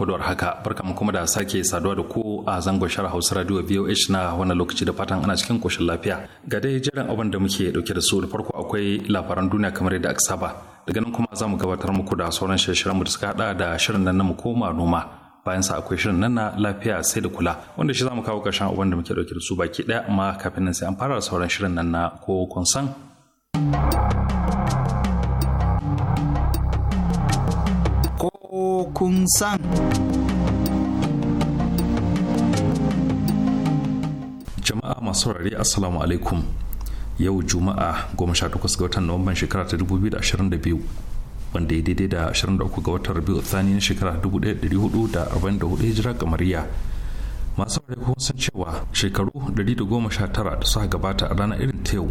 ku da haka barka mu kuma da sake saduwa da ku a zango shara Hausa Radio VOH na wannan lokaci da fatan ana cikin koshin lafiya ga dai jiran abin da muke dauke da su da farko akwai labaran duniya kamar yadda aka saba daga nan kuma za mu gabatar muku da sauran shirye mu da suka hada da shirin nan na mu koma noma bayan sa akwai shirin nan na lafiya sai da kula wanda shi za mu kawo karshen abin da muke dauke da su baki daya amma kafin nan sai an fara sauran shirin nan na ko kun san kun san. Jama'a masu rari Assalamu alaikum yau Juma'a 18 ga watan Nuwamban shekara ta 2022 wanda ya daidai da 23 ga watan Rabiu Tsani na shekara 1444 hijira kamariya. Masu rari kun san cewa shekaru 119 da suka gabata a ranar irin ta yau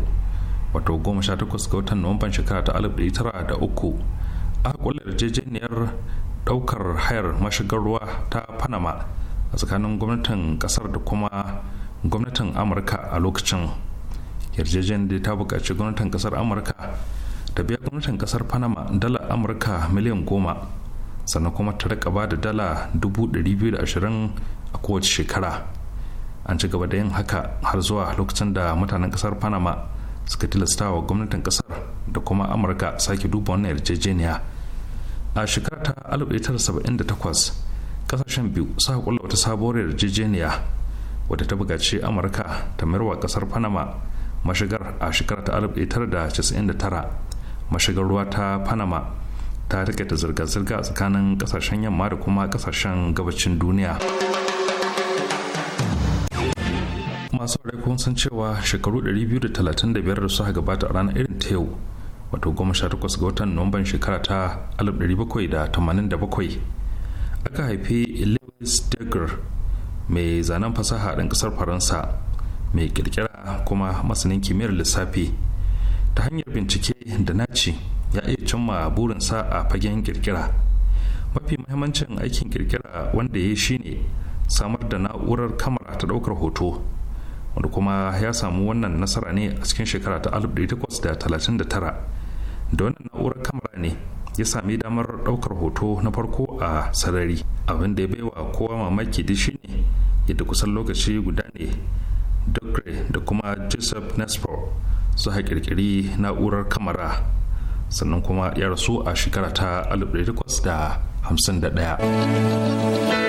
wato 18 ga watan Nuwamban shekara ta 1903 aka kulle jejeniyar. daukar hayar mashigar ruwa ta panama a tsakanin gwamnatin kasar da kuma gwamnatin amurka a lokacin yarjejeniyar ta bukaci gwamnatin kasar amurka ta biya gwamnatin kasar panama dala amurka miliyan goma sannan kuma ta rika ba da dala 220,000 a kowace shekara an ci gaba da yin haka har zuwa lokacin da mutanen kasar panama suka tilasta wa gwamnatin kasar da kuma amurka sake duba wannan yarjejeniya a shekara ta 1978 kasashen biyu suka kulla wata sabuwar yarjejeniya wadda ta bugaci amurka ta mayarwa kasar panama mashigar a shekara ta 1999 mashigar ruwa ta panama ta rikita zirga-zirga a tsakanin kasashen yamma da kuma kasashen gabacin duniya masu kun san cewa shekaru 235 da suka gabata a ranar irin ta yau wato takwas ga watan nuwamban shekara ta 1787 aka haifi lewis dagger mai zanen fasaha ɗan ƙasar faransa mai ƙirƙira kuma masanin kimiyyar lissafi ta hanyar bincike da naci ya iya cimma burinsa a fagen ƙirƙira mafi mahimmancin aikin ƙirƙira wanda ya shine samar da na'urar kamara ta ɗaukar hoto wanda kuma ya samu wannan nasara ne a cikin shekara ta 1839 da wannan na'urar kamera ne ya sami damar ɗaukar hoto na farko a sarari abin da ya baiwa kowa mamaki da shi ne yadda kusan lokaci guda ne dogre da kuma joseph nespo su kirkiri na'urar kamera sannan kuma ya rasu a shekara ta 1951.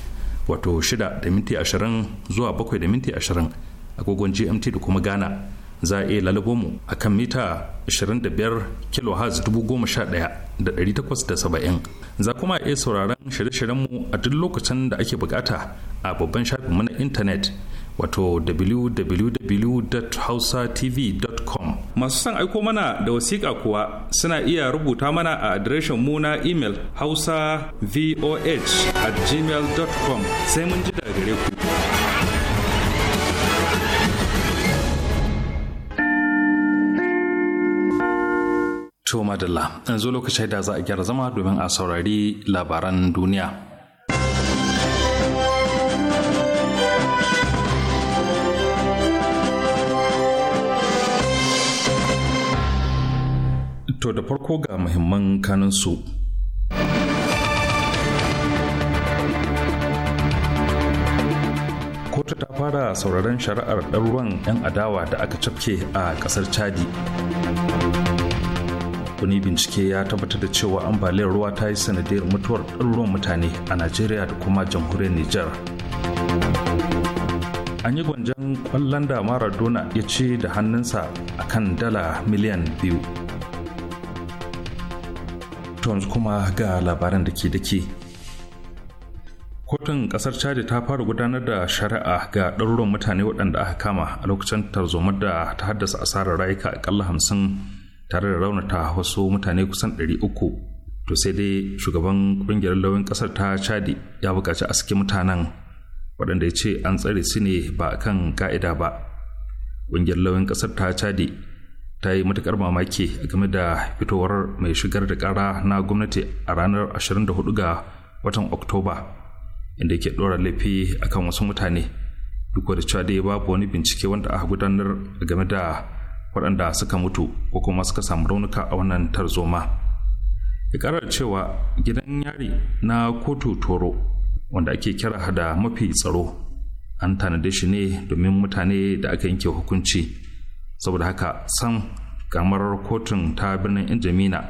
wato 6 da minti 20 zuwa 7 da minti 20 agogon gmt da kuma ghana za a iya lalabo mu a kan mita 25 kHz 11870 za kuma iya sauraron shirye-shiryen mu a duk lokacin da ake bukata a babban shafin mu na intanet wato masu son aiko mana da wasiƙa kuwa suna iya rubuta mana a adireshin mu na imel hausa voh at gmail.com sai mun ji daga gare ku. tomadala yanzu lokacin da za a gyara zama domin a saurari labaran duniya. To da farko ga muhimman kanansu. Kotu ta fara sauraron shari'ar ɗaruruwan 'yan adawa da aka cafke a ƙasar Chadi. Wani bincike ya tabbatar da cewa ambaliyar ruwa ta yi sanadiyar mutuwar ɗaruruwan mutane a Najeriya da kuma jamhuriyar Nijar. An yi gwanjan kwallon da Maradona ya ce da hannunsa a kan dala miliyan biyu. to yanzu kuma ga labaran da ke dake kotun kasar chadi ta fara gudanar da shari'a ga ɗaruruwan mutane waɗanda aka kama a lokacin tarzomar da ta haddasa asarar rayuka a akalla hamsin tare da raunata wasu mutane kusan ɗari uku to sai dai shugaban ƙungiyar lauyin ƙasar ta chadi ya buƙaci a saki mutanen waɗanda ya ce an tsare su ne ba kan ka'ida ba ƙungiyar lauyin ƙasar ta chadi ta yi matukar mamaki game da fitowar mai shigar da kara na gwamnati a ranar 24 ga watan oktoba inda ke ɗora laifi akan wasu mutane duk da cewa dai babu wani bincike wanda aka gudanar game da waɗanda suka mutu ko kuma suka samu raunuka a wannan tarzoma ya ƙara cewa gidan yari na kotu toro wanda ake kira da mafi tsaro an tanade shi ne domin mutane da aka yanke hukunci saboda haka sam kamar kotun ta birnin injamina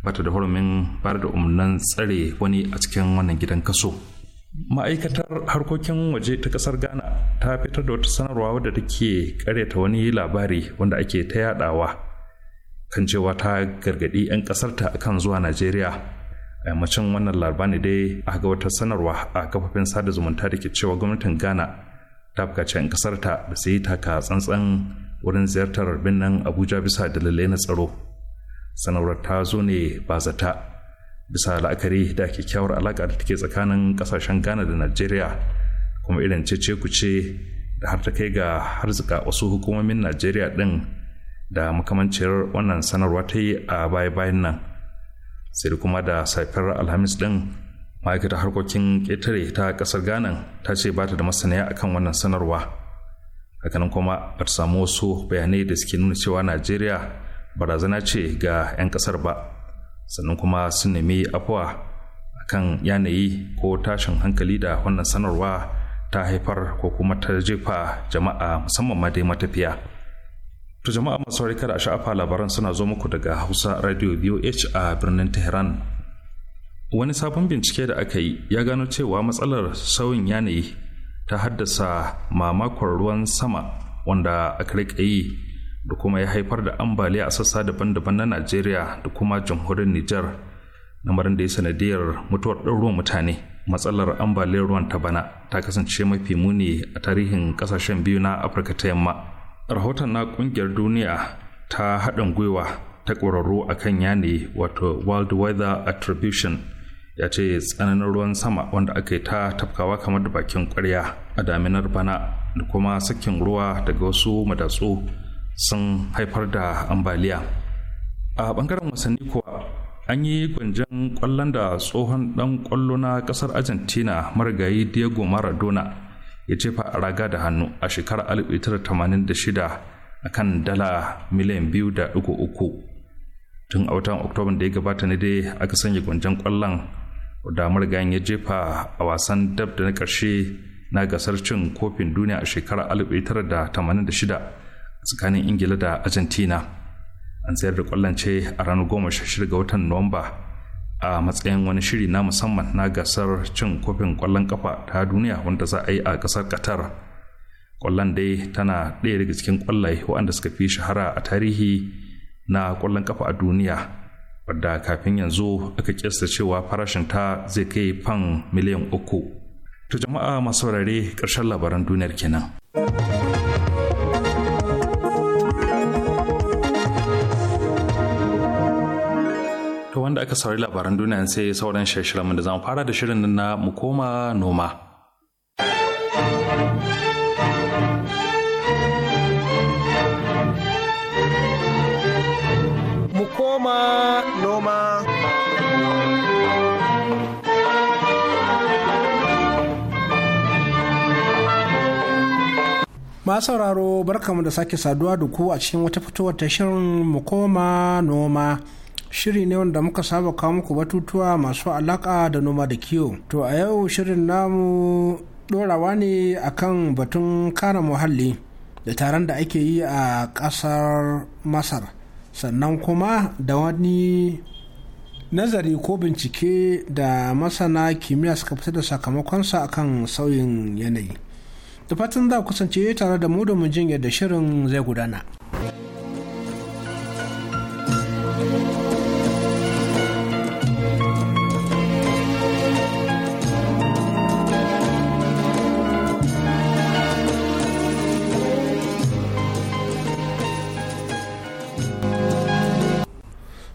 bata da hurumin bayar da umarnin tsare wani a cikin wannan gidan kaso ma'aikatar harkokin waje ta kasar ghana ta fitar da wata sanarwa wadda take karyata wani labari wanda ake ta yadawa kan cewa ta gargadi 'yan kasarta kan zuwa najeriya a yammacin wannan laraba dai a ga wata sanarwa a kafafen sada zumunta da ke cewa gwamnatin ghana ta bukaci 'yan kasarta da su yi taka tsantsan wurin ziyartar birnin abuja bisa dalilai na tsaro sanarwar ta zo ne ba zata bisa la'akari da kyakkyawar alaƙa da take tsakanin ƙasashen ghana da najeriya kuma irin cece ce da har ta kai ga harzika wasu hukumomin najeriya ɗin da makamanciyar wannan sanarwa ta yi a baya-bayan nan sai kuma da safiyar alhamis ɗin ma'aikatar harkokin ƙetare ta ƙasar ghana ta ce ba ta da masaniya akan wannan sanarwa hakanan kuma ba ta samu wasu bayanai da suke nuna cewa najeriya barazana ce ga 'yan kasar ba sannan kuma sun nemi afuwa kan yanayi ko tashin hankali da wannan sanarwa ta haifar ko kuma ta jefa jama'a musamman ma dai matafiya to jama'a masu kada a sha'afa labaran suna zo muku daga hausa radio voh a birnin tehran wani sabon bincike da aka yi ya gano cewa matsalar sauyin yanayi ta haddasa mamakon ruwan sama wanda aka rike yi da kuma ya haifar da ambaliya a sassa daban-daban na najeriya da kuma jamhuriyar niger lamarin da ya sanadiyar mutuwar ruwan mutane matsalar ambaliyar ruwan ta bana ta kasance mafi muni a tarihin ƙasashen biyu na afirka ta yamma rahoton na ƙungiyar duniya ta haɗin gwiwa ta ƙwararru a kan yane wato world weather attribution ya ce tsananin ruwan sama wanda aka yi ta tafkawa kamar da bakin kwarya a daminar bana da kuma sakin ruwa daga wasu madatsu sun haifar da ambaliya a bangaren wasanni kuwa an yi gwanjan kwallon da tsohon dan kwallo na kasar argentina marigayi diego maradona ya jefa a raga da hannu a shekarar 1986 a kan dala miliyan biyu da tun a watan oktoban da ya gabata ne dai aka sanya gwanjan kwallon da murgan ya jefa a wasan dab da na ƙarshe na gasar cin kofin duniya a shekarar 1986 tsakanin ingila da argentina an sayar da kwallance a ranar 16 ga watan nuwamba a matsayin wani shiri na musamman na gasar cin kofin kwallon kafa ta duniya wanda za a yi a ƙasar qatar kwallon dai tana ɗaya daga cikin kwallaye waɗanda suka fi shahara a tarihi na kwallon kafa a duniya wadda kafin yanzu aka kista cewa farashin ta zai kai fan miliyan uku. To jama'a masu saurare ƙarshen labaran duniyar kenan. To wanda aka saurari labaran duniya sai sauran shirin da zamu fara da shirin na mu koma noma. ma sauraro barkamu da sake saduwa da ku a cikin wata fitowar ta shirin mu koma noma shiri ne wanda muka saba kawo muku batutuwa masu alaka da noma da kiwo to a yau shirin namu dorawa ne akan batun kare muhalli da taron da ake yi a kasar masar sannan kuma da wani nazari ko bincike da masana kimiyya suka fita da sakamakonsa akan sauyin yanayi da fatan za kusance tare da mu mu jin yadda shirin zai gudana.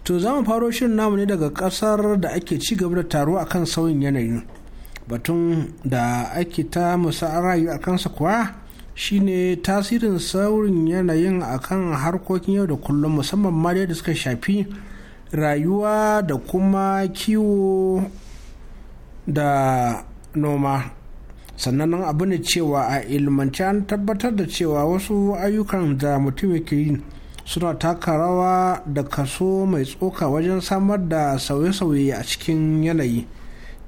To za mu faro shirin namu ne daga kasar da ake ci gaba da taro akan sauyin yanayi. batun da ake ta musa rayu a kansa kuwa shine tasirin saurin yanayin akan harkokin yau da kullum musamman ma da suka shafi rayuwa da kuma kiwo da noma sannan abu ne cewa a ilmance an tabbatar da cewa wasu ayyukan da mutum yake yi suna taka rawa da kaso mai tsoka wajen samar da sauye-sauye a cikin yanayi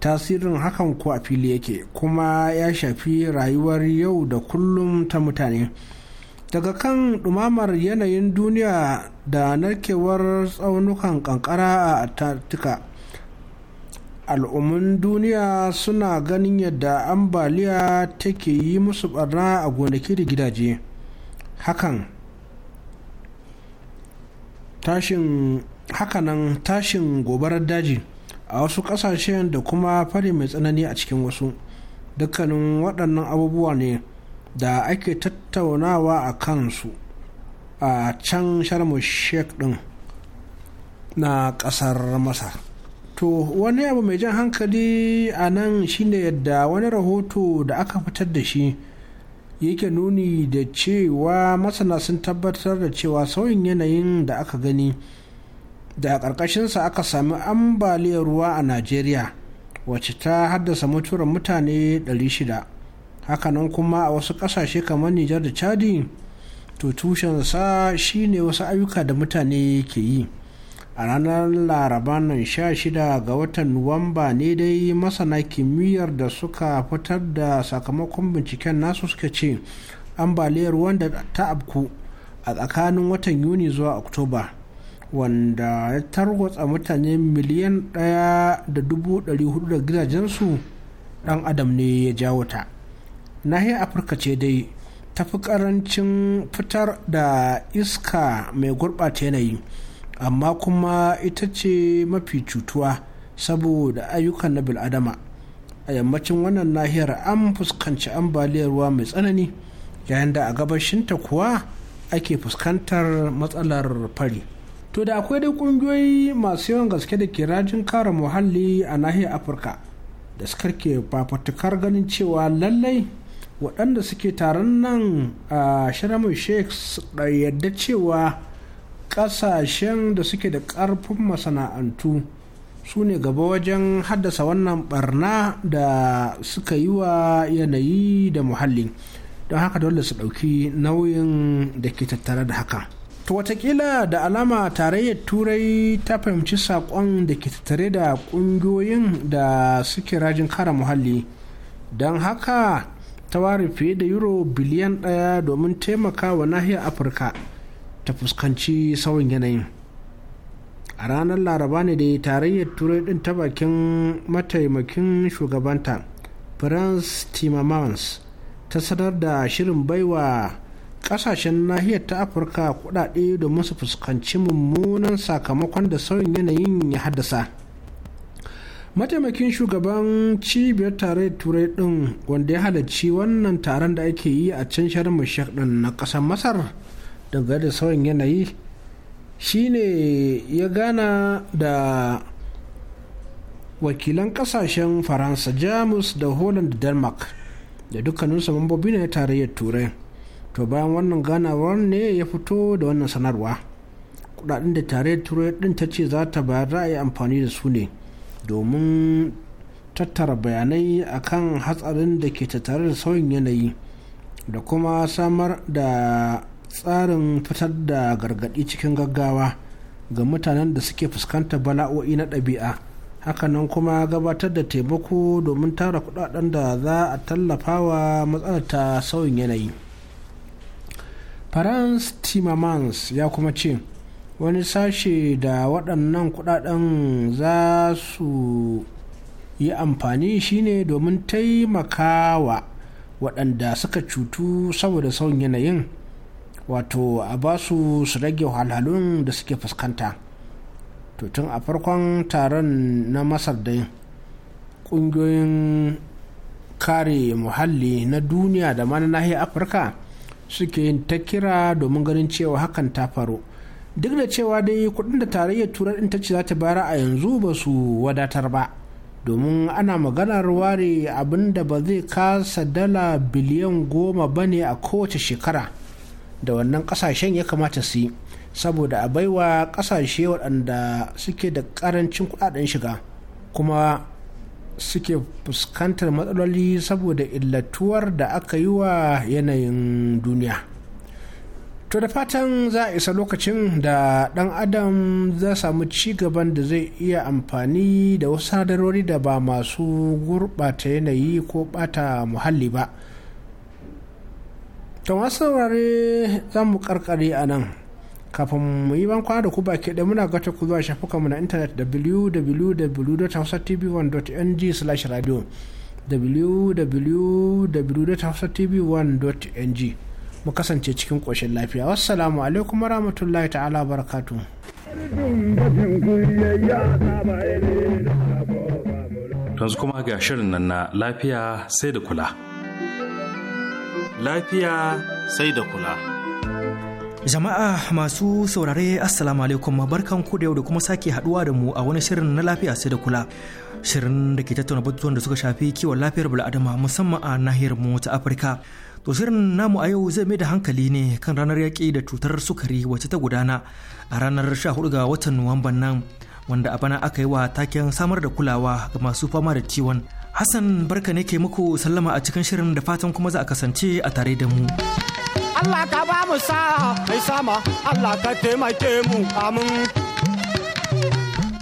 tasirin hakan ko a fili yake kuma ya shafi rayuwar yau da kullum ta mutane daga kan ɗumamar yanayin duniya da narkewar tsaunukan kankara a antarctica al'ummin duniya suna ganin yadda ambaliya take yi musu barna a gonaki da gidaje hakan tashin hakanan tashin gobarar daji a wasu ƙasashen da kuma fari mai tsanani a cikin wasu dukkanin waɗannan abubuwa ne da ake tattaunawa a kansu a can sharmu sheik ɗin na ƙasar masar to wani abu mai jan hankali a nan shine yadda wani rahoto da aka fitar da shi yake nuni da cewa masana sun tabbatar da cewa sauyin yanayin da aka gani da ƙarƙashinsa aka sami ambaliyar ruwa a najeriya wacce ta haddasa mutuwar mutane 600 hakanan kuma a wasu ƙasashe kamar nijar da chadi to tushensa shine wasu ayyuka da mutane ke yi a ranar laraba nan 16 ga watan nuwamba ne dai masana kimiyyar da suka fitar da sakamakon binciken nasu suka ce ambaliyar ruwan da ta abku a tsakanin watan yuni zuwa oktoba wanda ya tarwatsa mutane miliyan ɗaya da dubu ɗari hudu da gidajensu ɗan adam ne ya jawo ta nahiyar afirka ce dai ta fi ƙarancin fitar da iska mai gurɓata yanayi amma kuma ita ce mafi cutuwa saboda ayyukan na bil'adama a yammacin wannan nahiyar an fuskanci ambaliyar ruwa mai tsanani yayin da a gabashinta kuwa ake fuskantar matsalar fari to da akwai dai kungiyoyi masu yawan gaske da ke rajin kare muhalli a nahiyar afirka da suka ke fafatukar ganin cewa lallai waɗanda suke taron nan a shiramun sheikh yadda cewa ƙasashen da suke da ƙarfin masana'antu su ne gaba wajen haddasa wannan barna da suka yi wa yanayi da muhalli don haka dole su ɗauki nauyin da ke tattare da haka. to watakila da alama tarayyar turai ta fahimci saƙon da ke tattare da ƙungiyoyin da suke rajin kara muhalli don haka ta ware fiye da euro biliyan ɗaya domin taimaka wa nahiyar afirka ta fuskanci sauyin yanayin a ranar laraba ne da tarayyar turai ɗin ta bakin mataimakin shugabanta france timmermans ta sanar da shirin baiwa kasashen nahiyar ta afirka kudade domin su fuskanci mummunan sakamakon da sauyin yanayin ya haddasa mataimakin shugaban cibiyar tare turai din wanda ya halarci wannan taron da ake yi a can sharin mashek din na kasar masar daga da sauyin yanayi shine ya gana da wakilan kasashen faransa jamus da holland da denmark da dukkaninsu mambobi na tarayyar turai to bayan wannan ganawar ne ya fito da wannan sanarwa kudaden da tare turai din ta ce za ta bayar da a amfani da su ne domin tattara bayanai akan hatsarin da ke tattare da sauyin yanayi da kuma samar da tsarin fitar da gargaɗi cikin gaggawa ga mutanen da suke fuskantar bala'o'i na ɗabi'a hakanan kuma gabatar da taimako domin tara kudaden da za a tallafa wa matsalar ta sauyin yanayi Franz Timmermans ya kuma ce wani sashe da waɗannan kudaden za su yi amfani shine domin taimakawa waɗanda suka cutu saboda sauyin yanayin wato a basu su rage halhalun da suke fuskanta to tun a farkon taron na masar yin ƙungiyoyin kare muhalli na duniya da ma na nahiyar afirka suke yin ta kira domin ganin cewa hakan ta faru duk da cewa dai kudin da tarayyar turar ta ce za ta bayar a yanzu ba su wadatar ba domin ana maganar ware abin da ba zai kasa dala biliyan goma ba ne a kowace shekara da wannan kasashen ya kamata su yi saboda a baiwa kasashe waɗanda suke da ƙarancin kuɗaɗen shiga kuma suke fuskantar matsaloli saboda illatuwar da aka yi wa yanayin duniya to da fatan za a isa lokacin da dan adam za samu ci gaban da zai iya amfani da wasu sadarori da ba masu gurɓata yanayi ko ɓata muhalli ba to masu saurare za mu karkare a nan kafin mu yi bankwana da ku baki ɗaya muna gata ku zuwa shafukanmu na intanet www.hausatv1.ng slash radio www.hausatv1.ng mu kasance cikin ƙoshin lafiya wassalamu alaikum warahmatullahi ta'ala barakatu. yanzu kuma ga shirin nan na lafiya sai da kula. Lafiya sai da kula. Jama'a masu saurare Assalamu alaikum barkan ku da yau da kuma sake haduwa da mu a wani shirin na lafiya sai da kula. Shirin da ke tattauna batutuwan da suka shafi kiwon lafiyar bil'adama musamman a nahiyar mu ta Afirka. To shirin namu a yau zai mai da hankali ne kan ranar yaƙi da cutar sukari wacce ta gudana a ranar sha 14 ga watan Nuwamban nan wanda a bana aka yi wa taken samar da kulawa ga masu fama da ciwon. Hassan barka ne ke muku sallama a cikin shirin da fatan kuma za a kasance a tare da mu. Allah ka ba mu sa mai sama Allah ka taimake mu amin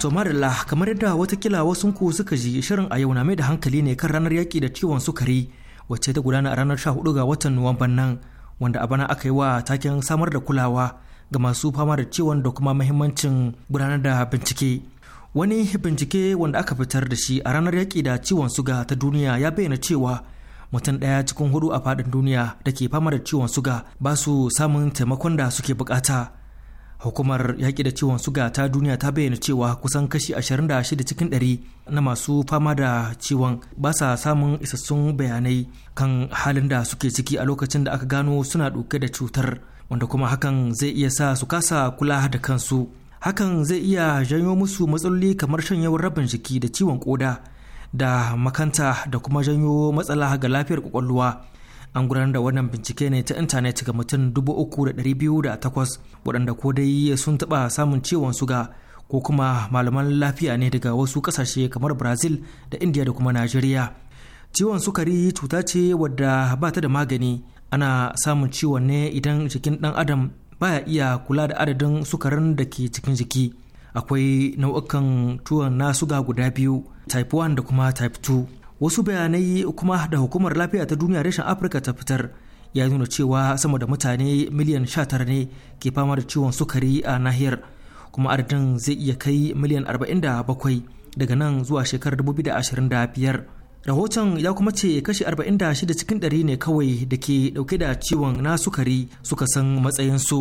To la kamar yadda watakila ku suka ji shirin a yau na mai da hankali ne kan ranar yaki da ciwon sukari wacce ta gudana a ranar 14 ga watan Nuwamban nan wanda a bana aka yi wa taken samar da kulawa ga masu fama da ciwon da kuma mahimmancin gudanar da bincike. Wani bincike wanda aka fitar da shi a ranar yaki da ciwon suga ta duniya ya bayyana cewa mutum ɗaya cikin hudu a faɗin duniya da ke fama da ciwon suga ba su samun taimakon da suke bukata hukumar yaƙi da ciwon suga ta duniya ta bayyana cewa kusan kashi 26 cikin 100 na masu fama da ciwon ba sa samun isassun bayanai kan halin da suke ciki a lokacin da aka gano suna ɗauke da cutar wanda kuma hakan zai iya sa su kasa kula da kansu hakan zai iya janyo musu matsaloli kamar shanyewar rabin jiki da ciwon koda da makanta da kuma janyo matsala ga lafiyar kwakwalwa an gudanar da wannan bincike ne ta intanet ga mutum 3,208 waɗanda ko dai sun taɓa samun ciwon suga ko kuma malaman lafiya ne daga wasu ƙasashe kamar brazil da indiya da kuma najeriya ciwon sukari cuta ce wadda ba ta da magani ana samun ciwon ne idan jikin ɗan adam baya iya kula da adadin sukarin da ke cikin jiki akwai nau'ukan tuwon na suga guda biyu type 1 da kuma type 2 wasu bayanai kuma da hukumar lafiya ta duniya reshen afirka ta fitar ya nuna cewa sama da mutane miliyan 19 ne ke fama da ciwon sukari a nahiyar kuma adadin zai iya kai miliyan 47 daga nan zuwa shekarar 2025 rahoton ya kuma ce kashi 46 cikin ɗari ne kawai da ke dauke da ciwon na sukari suka san matsayinsu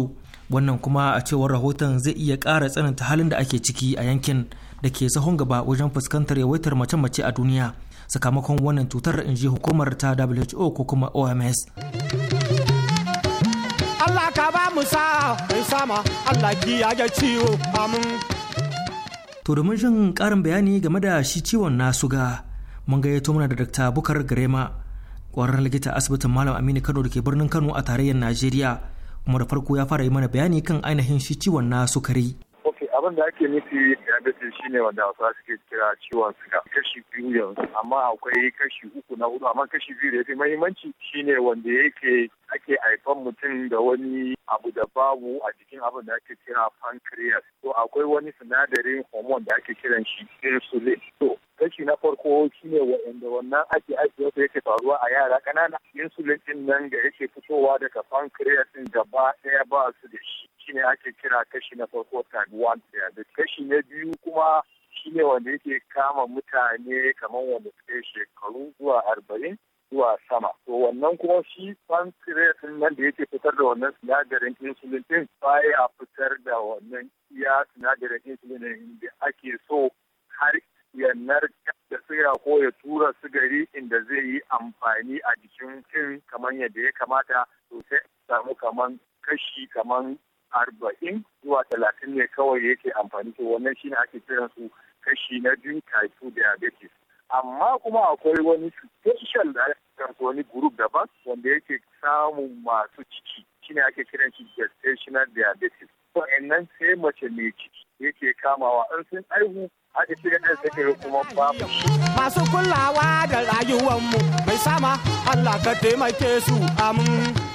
wannan kuma a cewar rahoton zai iya ƙara tsananta halin da ake ciki a yankin da ke sahun gaba wajen fuskantar yawaitar mace-mace a duniya sakamakon wannan cutar in ji hukumar ta WHO ko kuma OMS. Allah ka ba mu sama Allah ciwo amin. To domin jin ƙarin bayani game da shi ciwon na ga mun gayyato mana da Dr. Bukar Garema kwararren likita asibitin Malam Aminu Kano da ke birnin Kano a tarayyar Najeriya. kuma da farko ya fara yi mana bayani kan ainihin shi ciwon na sukari. abin da ake nufi shi shine wanda wasu suke kira ciwon suga kashi biyu yanzu amma akwai kashi uku na hudu amma kashi biyu da ya fi mahimmanci shine wanda yake ake haifan mutum da wani abu da babu a jikin abin da ake kira pancreas to akwai wani sinadarin hormone da ake kiran shi insulin to kashi na farko shine wanda wannan ake aiki wasu yake faruwa a yara ƙanana insulin din nan da yake fitowa daga pancreas din gaba ɗaya ba su da shi ne ake kira kashi na farko type 1 da kashi na biyu kuma shine wanda yake kama mutane kamar wanda suke shekaru zuwa arba'in zuwa sama. To wannan kuma shi pancreas nan da yake fitar da wannan sinadarin insulin din baya fitar da wannan iya sinadarin insulin da ake so har ya narka da siga ko ya tura sigari inda zai yi amfani a jikin kin kamar yadda ya kamata to sai samu kamar kashi kamar arba'in zuwa talatin ne kawai yake amfani to wannan shine ake kiran su kashi na biyu type diabetes amma kuma akwai wani special da ake wani group daban wanda yake samun masu ciki shine ake kiran shi gestational diabetes nan sai mace mai ciki yake kamawa an sun aihu haka shi ɗan sai kuma ba Masu kulawa da rayuwar mu mai sama Allah ka taimake su amin.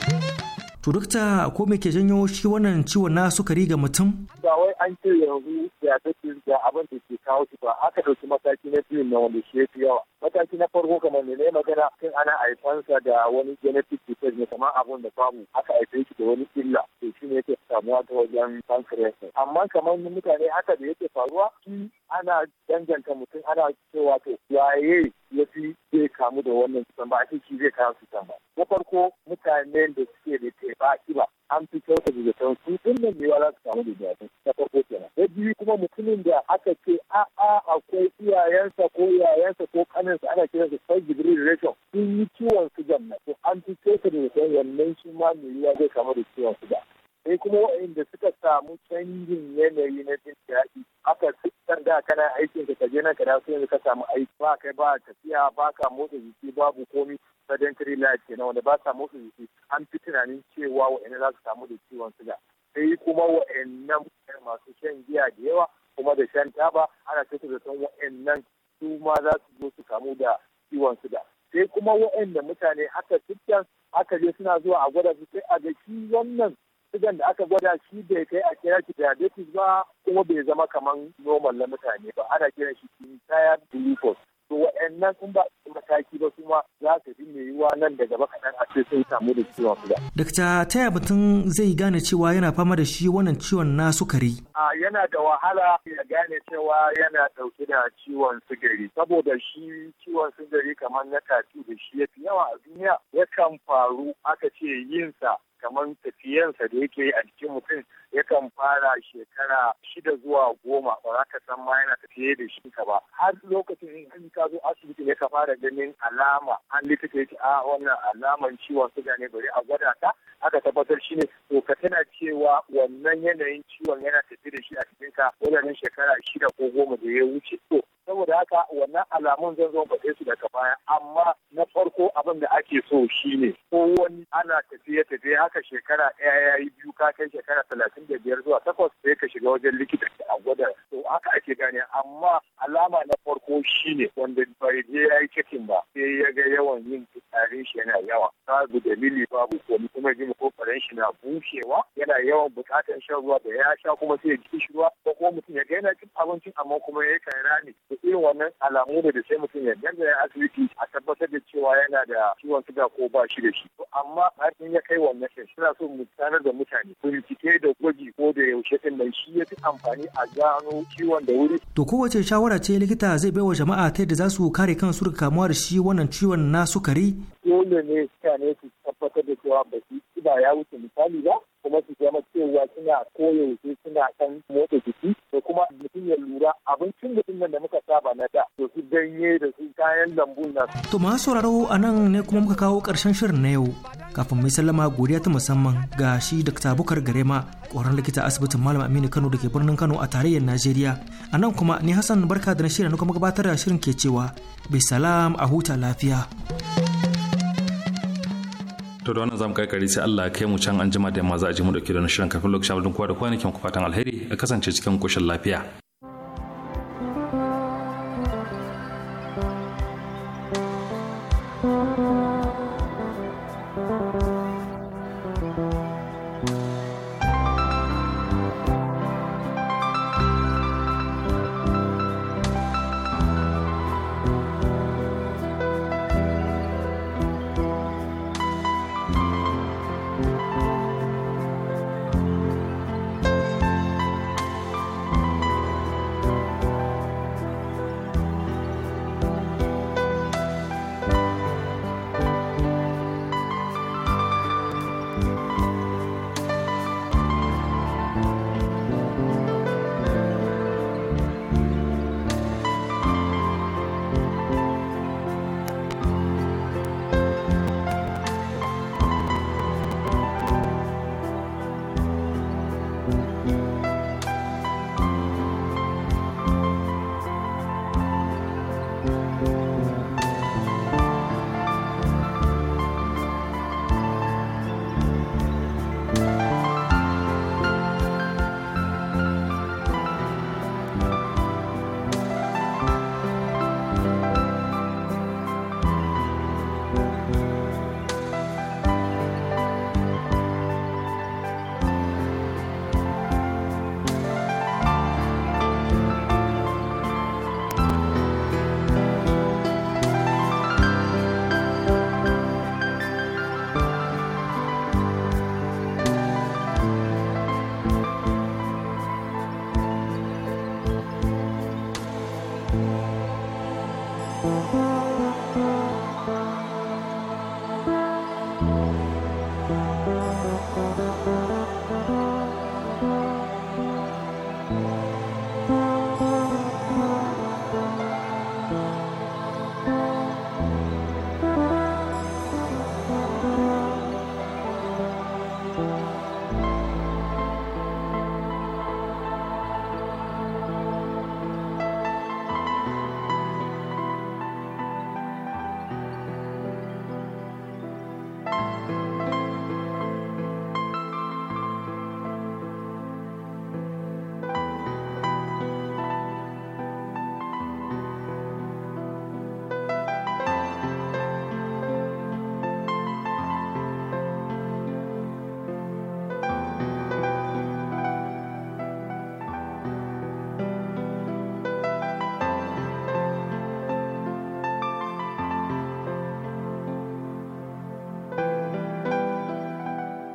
To dukta ko me ke janyo shi wannan ciwon na sukari ga mutum? Ba wai an ce yanzu ya take da abin da ke kawo shi ba aka ɗauki mataki na biyu na wanda shi yafi yawa. Mataki na farko kamar ne magana kan ana haifansa da wani genetic disease ne kamar abin da babu aka haife shi da wani illa to shi ne yake samuwa ta wajen pancreas. Amma kamar mutane haka da yake faruwa shi ana danganta mutum ana cewa to yaye ya fi zai kamu da wannan cutan ba a ce shi zai kawo cutan ba. Na farko mutanen da suke da teɓa ba an fi kyauta da zaton su din nan ne za su samu da zaton na farko kenan na biyu kuma mutumin da aka ce a a akwai iyayensa ko iyayensa ko kaninsa ana kiran su sai jibril relation sun yi ciwon su janna to an fi kyauta da zaton wannan shi ma mai yiwa zai samu da ciwon su da sai kuma waɗanda suka samu canjin yanayi na jin daɗi aka fitar da kana aikin ka je na ka dawo sai ka samu aiki ba kai ba tafiya ba ka motsa jiki babu komi sedentary life kenan wanda ba sa motsa jiki an fi tunanin cewa wa'annan za su samu da ciwon suga sai kuma wa'annan masu shan giya da yawa kuma da shan taba ana cikin zaton wa'annan su ma za su zo su kamu da ciwon suga sai kuma wa'anda mutane haka cikin aka je suna zuwa a gwada su sai a ga shi wannan sugan da aka gwada shi bai kai a kira shi diabetes ba kuma bai zama kamar normal na mutane ba ana kiran shi tired glucose to wa'annan in ba mataki ba kuma za ka ji mai yiwuwa nan da gaba kaɗan a ce sun samu da ciwon suga. Dakta ta yaya mutum zai gane cewa yana fama da shi wannan ciwon na sukari? A yana da wahala ya gane cewa yana ɗauke da ciwon sukari saboda shi ciwon sukari kamar na tatu da shi ya fi yawa a duniya yakan faru aka ce yinsa kamar tafiyansa da yake a jikin mutum yakan fara shekara shida zuwa goma ba za ka san ma yana tafiye da shi ka ba har lokacin in ka zo asibiti ne ka fara ganin alama an likita ya ce a ah, wannan alaman ciwon suga ne bari a gwada ta aka tabbatar shi ne to ka tana cewa wannan yanayin ciwon yana tafiye da shi a cikin ka wajen shekara shida ko goma da ya wuce to saboda haka wannan alamun zan zo ba su daga baya amma na farko abin da ake so shine ko wani ana tafiye tafiye haka shekara ɗaya ya yi biyu ka kai shekara talatin da biyar zuwa takwas sai ka shiga wajen likita a gwada to haka ake gane amma alama na farko shine wanda bai je ya yi cikin ba sai ya ga yawan yin fitsarin shi yana yawa babu dalili babu komai kuma ji kokarin shi na bushewa yana yawan buƙatar shan ruwa da ya sha kuma sai ya ji ruwa ko mutum ya ga yana cin abincin amma kuma ya yi kaira rani to irin wannan alamu ne da sai mutum ya dangana asibiti a tabbatar da cewa yana da ciwon suga ko ba shi da shi amma in ya kai wannan ɗin suna so mu sanar da mutane bincike da gwaji ko da yaushe ɗin nan shi ya fi amfani a gano ciwon da wuri. to kowace shawara ce likita zai bai wa jama'a ta yadda za su kare kansu daga kamuwa da shi wannan ciwon na sukari. dole ne mutane su tabbatar da cewa ba su ba ya wuce misali ba kuma su zama cewa suna koyaushe suna kan motsa jiki da kuma mutum ya lura abincin mutum nan da muka saba na da to su ganye da su kayan lambun nan. To masu sauraro a nan ne kuma muka kawo karshen shirin na yau kafin mai sallama godiya ta musamman ga shi Dr. Bukar Garema ƙwaron likita asibitin Malam Aminu Kano da ke birnin Kano a tarayyar Najeriya. A nan kuma ni Hassan Barka da na shirya na kuma gabatar da shirin ke cewa bai bisalam a huta lafiya. to da wannan zamu kari sai Allah kai mu can anjima da yamma za a ji mu dauke da shirin kafin lokacin abin kowa da kwanakin ku fatan alheri a kasance cikin koshin lafiya Bye.